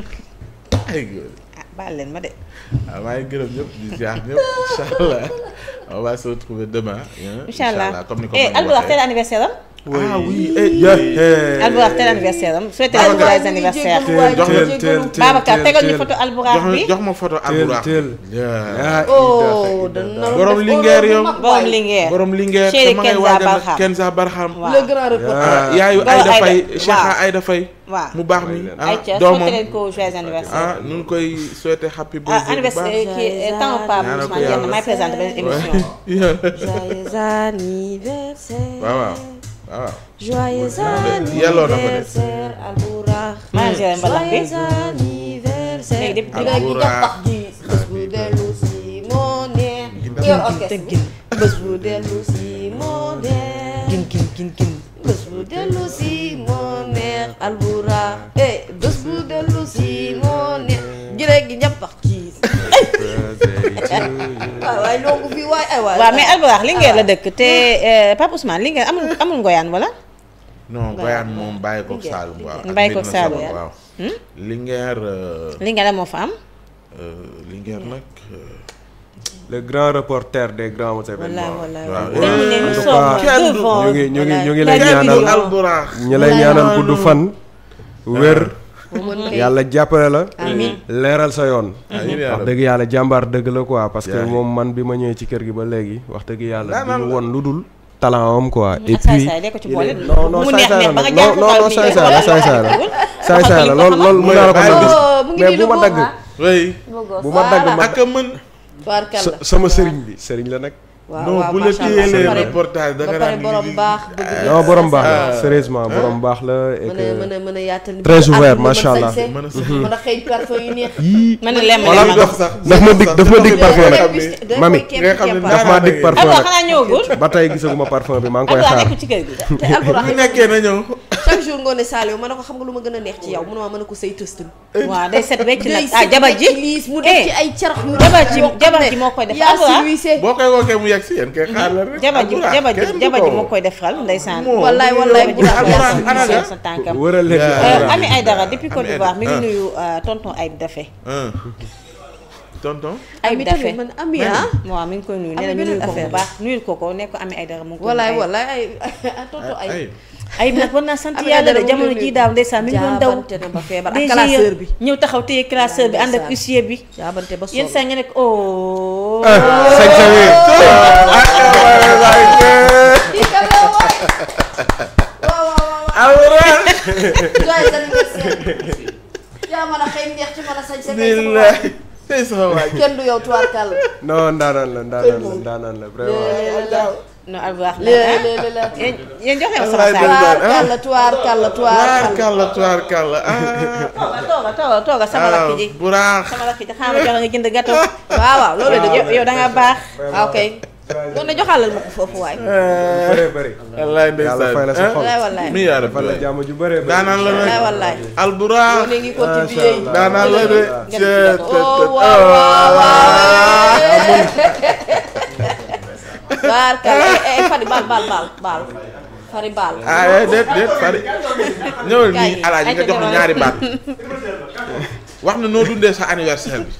ah baal leen ma de. waaw ah, maa ngi gërëm ñëpp di ziar ñëpp incha allah on va se retrouver demain. incha allah comme ni ko. eh Aldo wax tey anniversaire am. Oui. ah oui eh, eh. Alburax teel anniversaire am souhaité mu baax mi ah, doomam leen ah, ah, ko joyeux koy souhaité happy birthday. anniversaire kii temps pas may présenté benn émission. waaw. waaw ah. joyeux anniversaire alburax ah, joyeux anniversaire alburax bés bu dellu si moo si moo neex gin gin gin si moo waay loogu eh, mais Alburax Linguère ah. la dëkk te eh, Pape Ousmane Linguère amul amul ngoyaan wala. non ngoyaan moom bàyyi koog Saalum bàyyi koog Saalum waaw. Linguère. Hmm? la euh, moo fa am. Euh, Linguère nag. Euh, le grand reporter des grands événements. fan wér. yàlla jàppale la. amiin leeral sa yoon. wax dëgg yàlla jàmbaar dëgg la quoi parce que moom man bi ma ñëwee ci kër gi ba léegi wax dëgg yàlla. du ñu woon lu dul. talent am quoi et puis non non saay-saay la nag non non saay-saay la saay-saay la saay-saay la lool lool mën naa la ko nag mais bu ma dagg bu ma dagg ma sama sëriñ bi sëriñ la nag waaw non bu la téyelee reportage da nga borom baax. Ah. non borom baax la ah. sérieusement borom baax la. et que mën a mën a yaatal très ouvert macha allah. mën a xëy parfum yu neex. yii a lem ma dig daf ma dig parfum nag. mami daf maa dig parfum nag. ba tey gisaguma parfum bi maa ngi koy xaar. un jour ngoone Saliou ma ne ko xam nga lu ma gën a neex ci yow munuma mën a ko say tëstal. waaw day set wecc nag ah jabar ji mu def eh, ci ay carax yu jabar ji jabar ji moo koy def boo koy wookee mu yegg si yéen kay xaar la rek jabar ji jabar ji jabar ji moo koy defal ndeysaan wallaay wallaay bu def sa tànkam wëral euh, euh, Ami Aïdara depuis Côte d'Ivoire mi ngi euh. nuyu tonton Ayib Daffé tonton Ayib Daffé man Ami ah waaw mi ngi koy nuyu nee na ñu nuyu ko bu baax nuyul ko ko nekk ko Ami Aïdara mu ngi wallaay wallaay ay tonton Ayib ayib nag war naa sant yàlla de jamono ji daaw ndeysaan mi ngi doon daw DG bi ñëw taxaw téye classeur bi ànd ak huissier bi yenn saa nga nekk oh. sëñ tey sama kenn du yow tuwaarkal non ndaanaan la ndaanaan la ndaanaan la vraiment. no albax la la yéen joxe ma sama saa tuwaar kàlla tuwaar kàlla tuwaar kàlla ah. tooga tooga tooga sama rakk ji buraax sama rakk ji xaaral jënd gâteau waaw waaw loolu yow baax waaw doon na joxalal ma ko foofu waay. Eh. bëree bëri. wallaay ndeysaan la sa eh? xol. wallaay mi ju bëree bëri. daanaan la nag wallaay. alburaax yow léegi continué. fari baal baal baal fari baal. ah eh, déet déet fari. ñëwal nii alaaji nga jox ñu ñaari baat. wax na noo dundee sa anniversaire bi.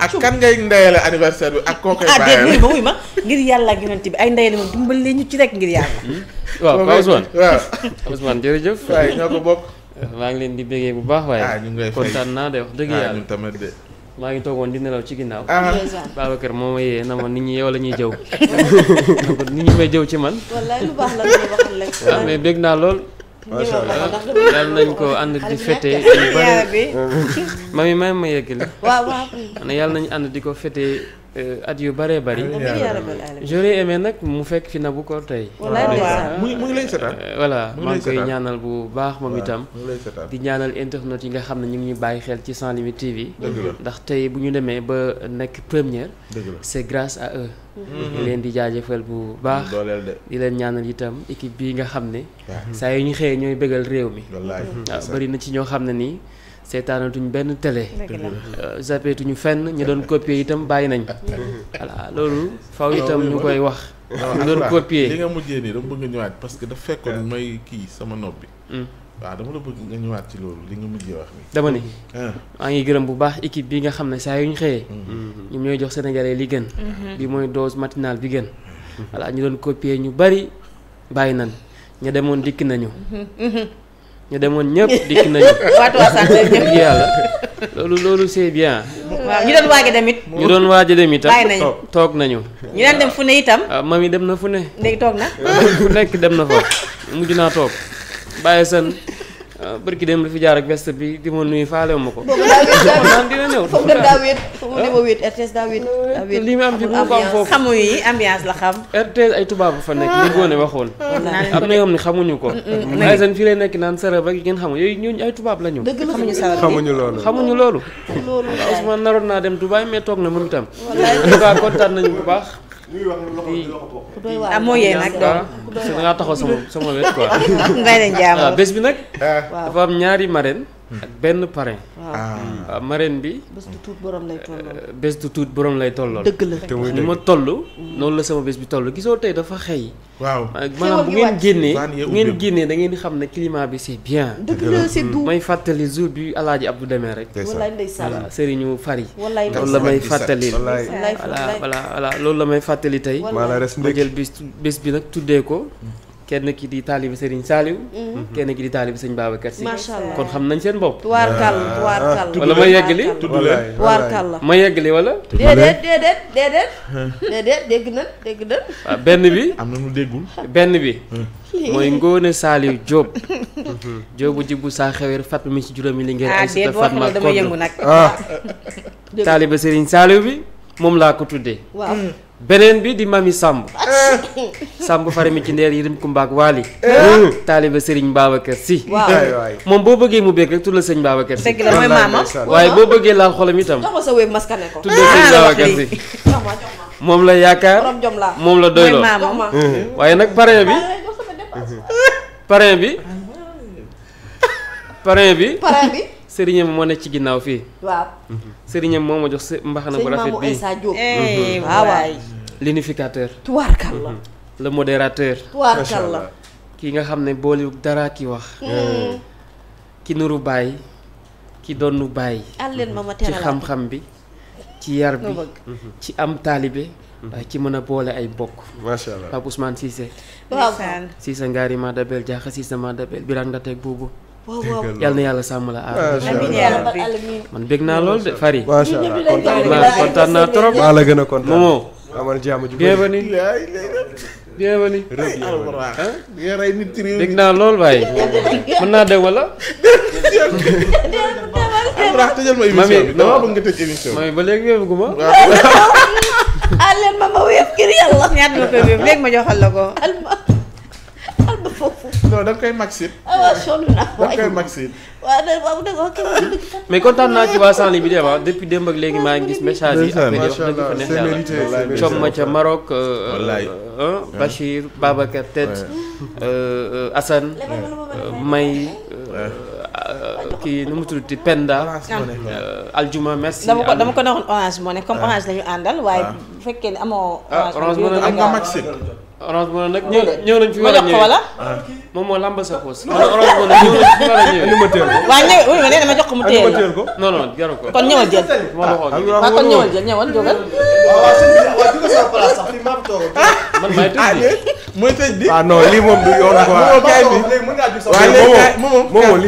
ak kan ngay ndeyale anniversaire bi ak koo koy ah, bàyyi ma wuy ma ngir yàlla ak yonent bi ay ndeyale moom dimbali ñu ci rek ngir yàlla. Hmm? waaw Paa Ousmane waaw. waaye ñoo ko bokk. maa ngi leen di bégee bu baax waaye. Ah, ñu ngi kontaan naa de wax dëgg ah, yàlla maa ngi toogoon di nelaw ci ginnaaw. ah Babacar moo ma yee na ma nit ñi yow la ñuy jëw nit ñi may jëw ci man. wallaay lu baax la mais bég naa lool. macha allah yal ko ànd di fete yu bëri mami may ma yeggali waaw waaw yal nañ ànd di ko fete Euh, at yu bëree bari j'aurais aimé nag mu fekk fi Nabou Cor tey. Euh, mu ngi maa ngi koy ñaanal bu baax moom itam. di ñaanal internet yi nga xam ne ñu ngi ñuy bàyyi xel ci Sans Limites TV. ndax tey bu ñu demee ba nekk première. c'est grace à eux. Mm-hmm. leen di jaajëfal bu baax. di leen ñaanal itam équipe bi nga xam ne. saa yu ñu xëyee ñooy bégal réew mi. waaw bëri na ci ñoo xam ne nii. seetaanatuñ benn télé. Euh, ñu fenn ñu doon copier itam bàyyi nañ. voilà loolu faw itam ñu koy wax. ñu doon copier li nga mujjee nii dama bëgg nga parce que dafa fekkoon ah. may kii sama nopp bi. Hmm. waaw dama la bëgg ci loolu li nga mujjee ah. ngi gërëm bu baax équipe bi nga xam ne saa yu ñu xëyee. Hmm. ñoom ñooy jox sénégalais li gën. Hmm. bi mooy dose matinale bi gën. voilà ñu doon copier ñu bari bàyyi nañ ña demoon dikk nañu. ñu demoon ñëpp dikk nañu. waatu wasaat nañu ñëpp yàlla loolu loolu c'est bien. waaw ñu doon waaj a dem it. ñu doon waaj a dem itam toog nañu. ñu daan dem fu ne itam. ah mami dem na fu ne. léegi toog na. ku nekk dem na fa mujj naa toog bàyyi seen. Ah, barki dem la fi jaar ak veste bi di ma nuyu faale ma ko. naan dina ñëw foofu daa wéet foofu daa wéet ah. RTS daa wéet. li mu am fi mu ko am foofu xamu yi ambiance la xam. RTS ay tubaab fa nekk li Ngoné waxoon. Ah. am na yoo xam ne xamuñu ko. Mm, mm, mm. ay seen fii lay nekk naan sërëb rek yi ngeen xamul yooyu ñooñu ay tubaab lañu. dëgg la xamuñu sërëb xamuñu loolu. xamuñu loolu. loolu Ousmane naroon naa dem Dubaay mais toog na moom itam. kontaan nañu bu baax amoo ah, yee nag doon da ngaa taxaw sama sama wet quoi. mbay la bi nag. Eh. dafa am ñaari marraine. ak benn parrain. waaw ah. Ah, bi. bés du tuut borom lay tollool. Euh, du tuut borom lay tollool. dëgg la ni ma toll. Mm. noonu la sama bés bi toll gisoo tey dafa xëy. waaw ah, maanaam bu ngeen génnee bu ngeen génnee da di xam ne climat bi c'est bien. dëgg may fàttali jour bi Alaaji Abdou demee rek. wallaay ndeysaan voilà Serigne Fari. wallaay loolu la may fàttali. wallaay voilà voilà loolu la may fàttali tey. wallaay ma jël bés bés bi nag tuddee ko. Mm. kenn ki di taalibi Serigne Saliou. Mhm. kenn ki di taalibi sañ Babacar Sy. macha allah kon xam nañ seen bopp. tubaarkàll ah. tubaarkàll. wala ma yeggali tubaarkàll ma yeggali wala. déedéet déedéet déedéet. déedéet ah, benn bi. am na mu déggul. benn bi. Hmm. mooy Ngone Saliou Diop. jóobu mhm. jibbu saa xewer fat mi ci juróomi li ngeen. Ah, ay si te Fatma Kodo ah déet boo xam ne dama yëngu nag. taalibi Serigne Saliou bi moom laa ko tuddee. beneen bi di mami Samb Samb fari mi ci ndeel yi dem Kumba ak Waali eh? hmm. taaliba Sëriñ Babacar Si hmm. moom boo bëggee mu bëgg rek la Sëriñ Babacar Si dëgg waaye boo bëggee laal xolam itam jox ma sa Si ah, moom la yaakaar moom la doyloo hmm. waaye nag parrain bi parrain bi parrain bi sëriñam moo ne ci ginnaaw fii. waaw. sëriñam moo ma jox mbaxana bu rafet bii sëñ eh, mhm. waaw l'unificateur. Mhm. modérateur. tubaarkalla. nga xam ne boole dara ki wax. Hmm. Eh. ki nuru bàyyi ki doonu bàyyi. Mhm. ci xam-xam bi ci yar bi ci am taalibe. waaye ci mën a boole ay bokk. macha allah Pape Ousmane Cissé. waaw Cissé Ngari Madabel Diakha Cissé Madabel Birane Ndatek Boubou. waaw waaw na yàlla sàmm la aar. man bég naa lool de Fary. macha allah kontaan naa kontaan naa trop. maa la gën a kontaan Momo. amal jàmm ju naa lool waaye. mën naa dem ma émission bi dama mami ba léegi wéegu ma. ah ma ma wéef kër yàlla. ñaata ma koy wéef léegi ma joxal la ko. foofu. non da nga koy maxit. Ah, naa waay da nga koy maxit. mais kontaan naa ci waa Sans Limites bi de depuis démb ak léegi maa ngi gis message yi. ak wax ma ca Maroc. Euh, euh, euh, Bachir Babacar Tete. Assane. May. kii nu mu tudd Penda. aljuma merci. dama ko dama ko neexoon orange moo ne comme ah. orange la àndal. waaye ah. bu fekkee ne amoo. orange moo ne am nga maxit. orange moo ah. nag ñëw nañ fi war a ñëwee moom ah. moo ah. làmb sa xoos. orange moo nag ñëw nañ fi war a tëj bi mooy tëj bi. ah non lii moom du yoon bi waaye moom moom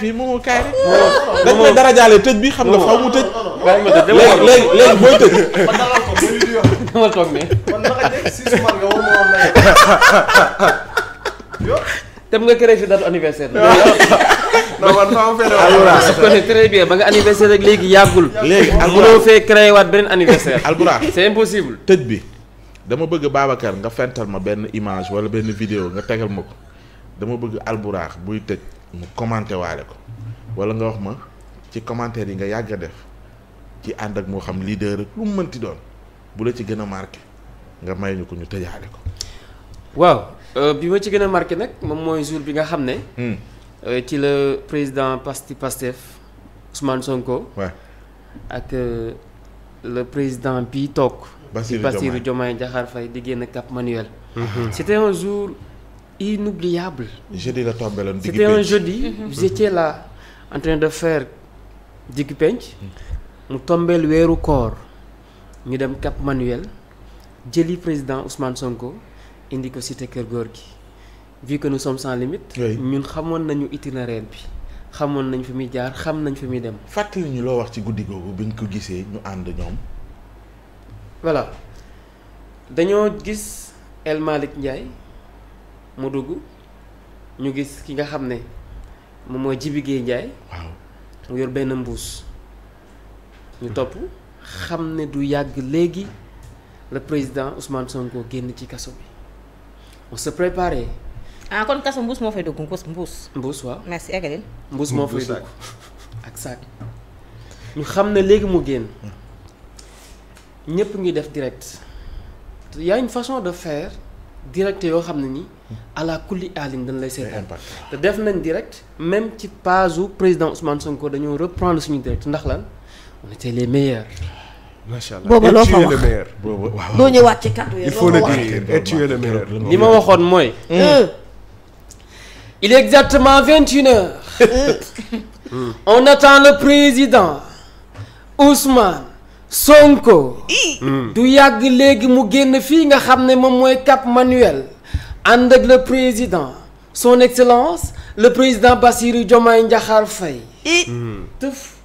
fii moom kaay rek. dañ tëj bi xam nga faw mu tëj. léegi léegi booy tëj. dama toog nga war ma woon lay. fi date anniversaire ba nga anniversaire léegi yàggul. léegi alburaax mënoo fee créé impossible. tëj bi dama bëgg Babacar nga fental ma benn image wala benn vidéo nga tegal ma ko dama bëgg alburaax buy tëj mu commenté waale ko wala nga wax ma ci commentaire yi nga yàgg a def ci ànd ak moo xam leader ak lu mu mënti doon. bu la ci gën a marqué nga may ñu ko ñu tëjaale ko. waaw euh, bi ma ci gën a marqué nag moom mooy jour bi nga xam ne. Hmm. Euh, ci la président Pasti Pastef Ousmane Sonko. waaw ak euh, le président bi toog. Bassirou Diomaye Bassirou Diomaye Diakhar Faye di génn Cap Manuel. Mm-hmm. c'était un jour inoubliable. jeudi la tombé lan digg penc c'était mm-hmm. de faire digg penc. Mm. mu tombeel weeru koor. ñu dem Cap Manuel jëli président Ousmane Sonko indi ko te Kër Góor gi vu que nous sommes sans limite. ñun xamoon nañu itinéraire bi xamoon nañu fi muy jaar xam nañ fi muy dem. fàttali ñu loo wax ci guddi googu biñ ko gisee ñu ànd ñoom. voilà dañoo gis El Malick njaay mu dugg ñu gis ki nga xam ne moom mooy Jibi Guèye Ndiaye. waaw mu yor benn mbuus ñu topp. xam ne du yàgg léegi le président Ousmane Sonko génn ci kaso bi on se préparait. ah kon kaso mbuus moo fay dugg mbuus mbuus. mbuus waaw merci Egalil. moo fay dugg ak saak ñu xam ne léegi mu génn ñëpp ngi def direct il y a une façon de faire direct yoo xam ne ni ala kulli alim dañ lay seetaan te def nañ direct même ci page u président Ousmane Sonko dañoo reprendre suñu direct ndax lan on était les meilleurs. macha allah booba loo fa wax doo ñëwaat ci loo wax li ma waxoon mooy. Mm. Mm. il exactement vingt une heures. Mm. on attend le président Ousmane Sonko. du yàgg léegi mu génn fii nga xam ne moom mooy Cap Manuel ànd ak le président son excellence le président Bassirou Diomaye Ndiakhar Faye. tëf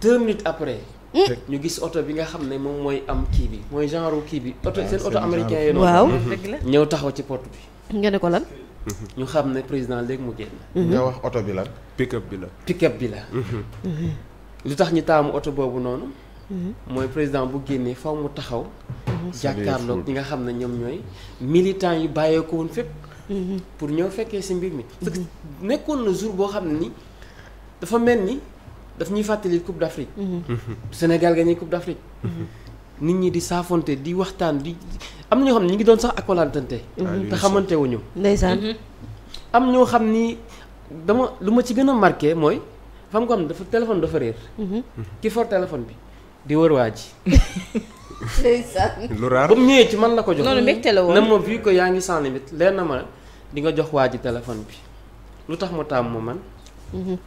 deux minutes après. Hmm? ñu gis oto bi nga xam ne moom mooy am kii bi mooy genre kii bi oto ah, seen oto américain yi waaw ñëw taxaw ci pot bi nga ne ko lan mhm. ñu xam ne président léegi mu génn mhm. nga wax oto bi la pick-up bi la pick bi la lu tax ñu taamu oto boobu noonu mhm. mooy président bu génnee faw mu taxaw jàkkaarloog ñi nga xam ne ñoom ñooy militants yi bàyyeeko woon fépp pour ñëw fekkee si mbir mi nekkoon na jour boo xam ne ni dafa mel ni daf ñuy fàttali Coupe d'Afrique. Mhm. Mhm. Sénégal gagné Coupe d'Afrique. Mhm. nit ñi di saafonte di waxtaan di am na ñoo xam ñu ngi doon sax akolaantante. te xamante am ñoo xam ni dama lu ma ci gën a marqué mooy fam ko xam ne dafa téléphone dafa réer. ki for téléphone bi di wër waa ji. ndeysaan lu ba mu ñëwee ci man la ko jox. noonu mbégte la yaa ngi sans limite leer na ma di nga jox waa ji téléphone bi lu tax mu taamu ma man.